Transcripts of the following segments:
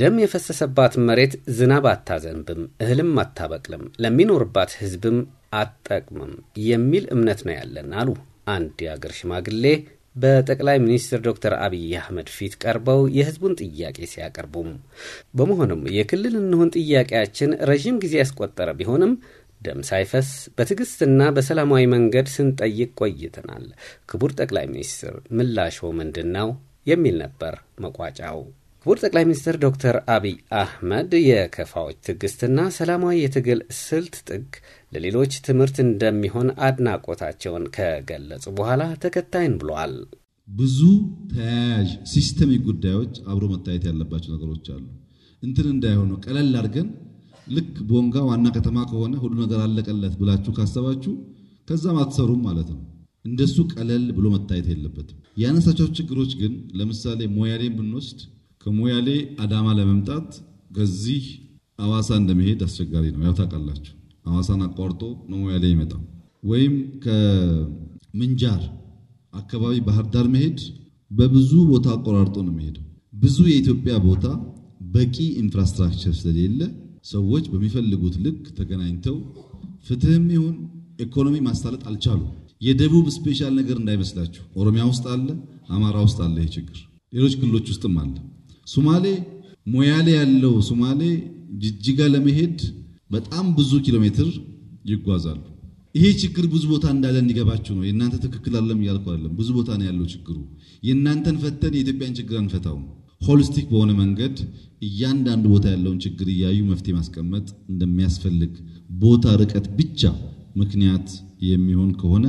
ደም የፈሰሰባት መሬት ዝናብ አታዘንብም፣ እህልም አታበቅልም፣ ለሚኖርባት ህዝብም አትጠቅምም የሚል እምነት ነው ያለን አሉ አንድ የአገር ሽማግሌ በጠቅላይ ሚኒስትር ዶክተር አብይ አህመድ ፊት ቀርበው የህዝቡን ጥያቄ ሲያቀርቡም። በመሆኑም የክልል እንሁን ጥያቄያችን ረዥም ጊዜ ያስቆጠረ ቢሆንም ደም ሳይፈስ በትዕግስትና በሰላማዊ መንገድ ስንጠይቅ ቆይተናል። ክቡር ጠቅላይ ሚኒስትር ምላሾ ምንድን ነው? የሚል ነበር መቋጫው። ክቡር ጠቅላይ ሚኒስትር ዶክተር አብይ አህመድ የከፋዎች ትዕግስትና ሰላማዊ የትግል ስልት ጥግ ለሌሎች ትምህርት እንደሚሆን አድናቆታቸውን ከገለጹ በኋላ ተከታይን ብለዋል። ብዙ ተያያዥ ሲስተሚክ ጉዳዮች አብሮ መታየት ያለባቸው ነገሮች አሉ። እንትን እንዳይሆኑ ቀለል አድርገን ልክ ቦንጋ ዋና ከተማ ከሆነ ሁሉ ነገር አለቀለት ብላችሁ ካሰባችሁ ከዛም አትሰሩም ማለት ነው። እንደሱ ቀለል ብሎ መታየት የለበትም። ያነሳቸው ችግሮች ግን ለምሳሌ ሞያሌን ብንወስድ ከሞያሌ አዳማ ለመምጣት ከዚህ አዋሳ እንደመሄድ አስቸጋሪ ነው። ያው ታውቃላችሁ፣ አዋሳን አቋርጦ ነው ሞያሌ ይመጣው። ወይም ከምንጃር አካባቢ ባህር ዳር መሄድ በብዙ ቦታ አቆራርጦ ነው መሄደው። ብዙ የኢትዮጵያ ቦታ በቂ ኢንፍራስትራክቸር ስለሌለ ሰዎች በሚፈልጉት ልክ ተገናኝተው ፍትህም ይሁን ኢኮኖሚ ማሳለጥ አልቻሉም። የደቡብ ስፔሻል ነገር እንዳይመስላችሁ። ኦሮሚያ ውስጥ አለ፣ አማራ ውስጥ አለ፣ ይህ ችግር ሌሎች ክልሎች ውስጥም አለ። ሱማሌ ሞያሌ ያለው ሱማሌ ጅጅጋ ለመሄድ በጣም ብዙ ኪሎ ሜትር ይጓዛሉ። ይሄ ችግር ብዙ ቦታ እንዳለ እንዲገባችሁ ነው። የእናንተ ትክክል አለም እያልኩ አለም። ብዙ ቦታ ነው ያለው ችግሩ። የእናንተን ፈተን የኢትዮጵያን ችግር አንፈታውም። ሆሊስቲክ በሆነ መንገድ እያንዳንዱ ቦታ ያለውን ችግር እያዩ መፍትሄ ማስቀመጥ እንደሚያስፈልግ ቦታ ርቀት ብቻ ምክንያት የሚሆን ከሆነ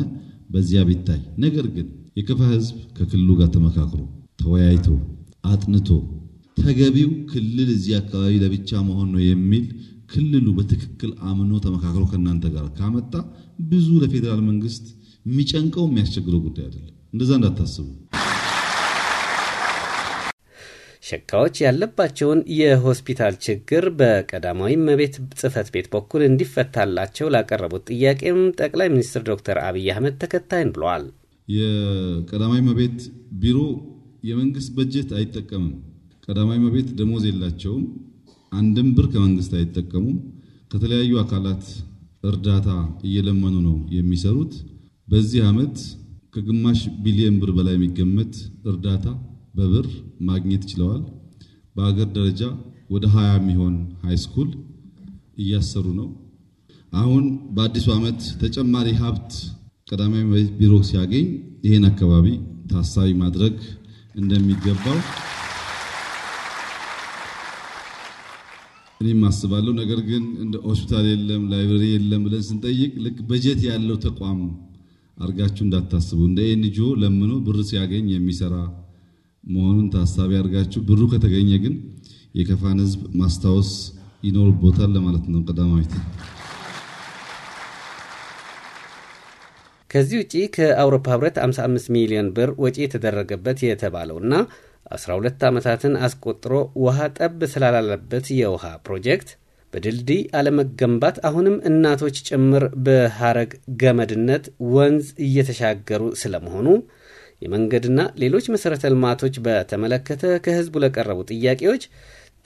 በዚያ ቢታይ። ነገር ግን የከፋ ህዝብ ከክልሉ ጋር ተመካክሮ ተወያይቶ አጥንቶ ተገቢው ክልል እዚህ አካባቢ ለብቻ መሆን ነው የሚል ክልሉ በትክክል አምኖ ተመካክሮ ከእናንተ ጋር ካመጣ ብዙ ለፌዴራል መንግስት የሚጨንቀው የሚያስቸግረው ጉዳይ አይደለም። እንደዛ እንዳታስቡ። ሸካዎች ያለባቸውን የሆስፒታል ችግር በቀዳማዊ እመቤት ጽህፈት ቤት በኩል እንዲፈታላቸው ላቀረቡት ጥያቄም ጠቅላይ ሚኒስትር ዶክተር አብይ አህመድ ተከታይን ብለዋል። የቀዳማዊ እመቤት ቢሮ የመንግስት በጀት አይጠቀምም። ቀዳማዊ መቤት ደሞዝ የላቸውም። አንድም ብር ከመንግስት አይጠቀሙም። ከተለያዩ አካላት እርዳታ እየለመኑ ነው የሚሰሩት። በዚህ ዓመት ከግማሽ ቢሊየን ብር በላይ የሚገመት እርዳታ በብር ማግኘት ችለዋል። በሀገር ደረጃ ወደ 20 የሚሆን ሃይስኩል እያሰሩ ነው። አሁን በአዲሱ ዓመት ተጨማሪ ሀብት ቀዳማዊ እመቤት ቢሮ ሲያገኝ ይህን አካባቢ ታሳቢ ማድረግ እንደሚገባው እኔም አስባለሁ። ነገር ግን እንደ ሆስፒታል የለም ላይብረሪ የለም ብለን ስንጠይቅ ልክ በጀት ያለው ተቋም አርጋችሁ እንዳታስቡ። እንደ ኤንጂኦ ለምኖ ብር ሲያገኝ የሚሰራ መሆኑን ታሳቢ አርጋችሁ ብሩ ከተገኘ ግን የከፋን ህዝብ ማስታወስ ይኖርቦታል ለማለት ነው። ቀዳማዊት ከዚህ ውጪ ከአውሮፓ ህብረት 55 ሚሊዮን ብር ወጪ የተደረገበት የተባለውና 12 ዓመታትን አስቆጥሮ ውሃ ጠብ ስላላለበት የውሃ ፕሮጀክት በድልድይ አለመገንባት አሁንም እናቶች ጭምር በሐረግ ገመድነት ወንዝ እየተሻገሩ ስለመሆኑ የመንገድና ሌሎች መሠረተ ልማቶች በተመለከተ ከሕዝቡ ለቀረቡ ጥያቄዎች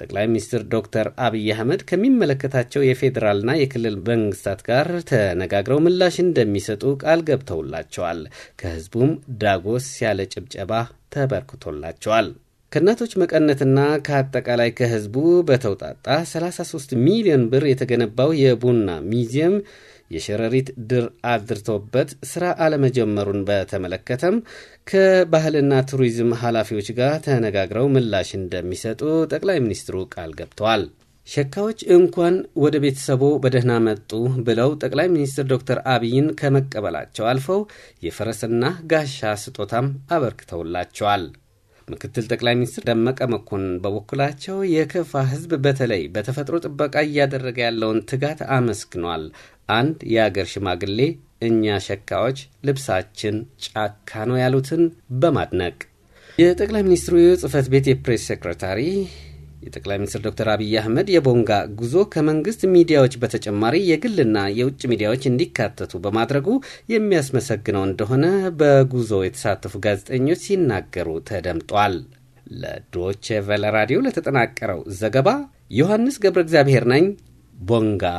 ጠቅላይ ሚኒስትር ዶክተር አብይ አህመድ ከሚመለከታቸው የፌዴራልና የክልል መንግስታት ጋር ተነጋግረው ምላሽ እንደሚሰጡ ቃል ገብተውላቸዋል። ከሕዝቡም ዳጎስ ያለ ጭብጨባ ተበርክቶላቸዋል። ከእናቶች መቀነትና ከአጠቃላይ ከህዝቡ በተውጣጣ 33 ሚሊዮን ብር የተገነባው የቡና ሚዚየም የሸረሪት ድር አድርቶበት ስራ አለመጀመሩን በተመለከተም ከባህልና ቱሪዝም ኃላፊዎች ጋር ተነጋግረው ምላሽ እንደሚሰጡ ጠቅላይ ሚኒስትሩ ቃል ገብተዋል። ሸካዎች እንኳን ወደ ቤተሰቦ በደህና መጡ ብለው ጠቅላይ ሚኒስትር ዶክተር አብይን ከመቀበላቸው አልፈው የፈረስና ጋሻ ስጦታም አበርክተውላቸዋል። ምክትል ጠቅላይ ሚኒስትር ደመቀ መኮንን በበኩላቸው የከፋ ሕዝብ በተለይ በተፈጥሮ ጥበቃ እያደረገ ያለውን ትጋት አመስግኗል። አንድ የአገር ሽማግሌ እኛ ሸካዎች ልብሳችን ጫካ ነው ያሉትን በማድነቅ የጠቅላይ ሚኒስትሩ ጽሕፈት ቤት የፕሬስ ሴክሬታሪ የጠቅላይ ሚኒስትር ዶክተር አብይ አህመድ የቦንጋ ጉዞ ከመንግስት ሚዲያዎች በተጨማሪ የግልና የውጭ ሚዲያዎች እንዲካተቱ በማድረጉ የሚያስመሰግነው እንደሆነ በጉዞ የተሳተፉ ጋዜጠኞች ሲናገሩ ተደምጧል። ለዶቼ ቬለ ራዲዮ ለተጠናቀረው ዘገባ ዮሐንስ ገብረ እግዚአብሔር ነኝ ቦንጋ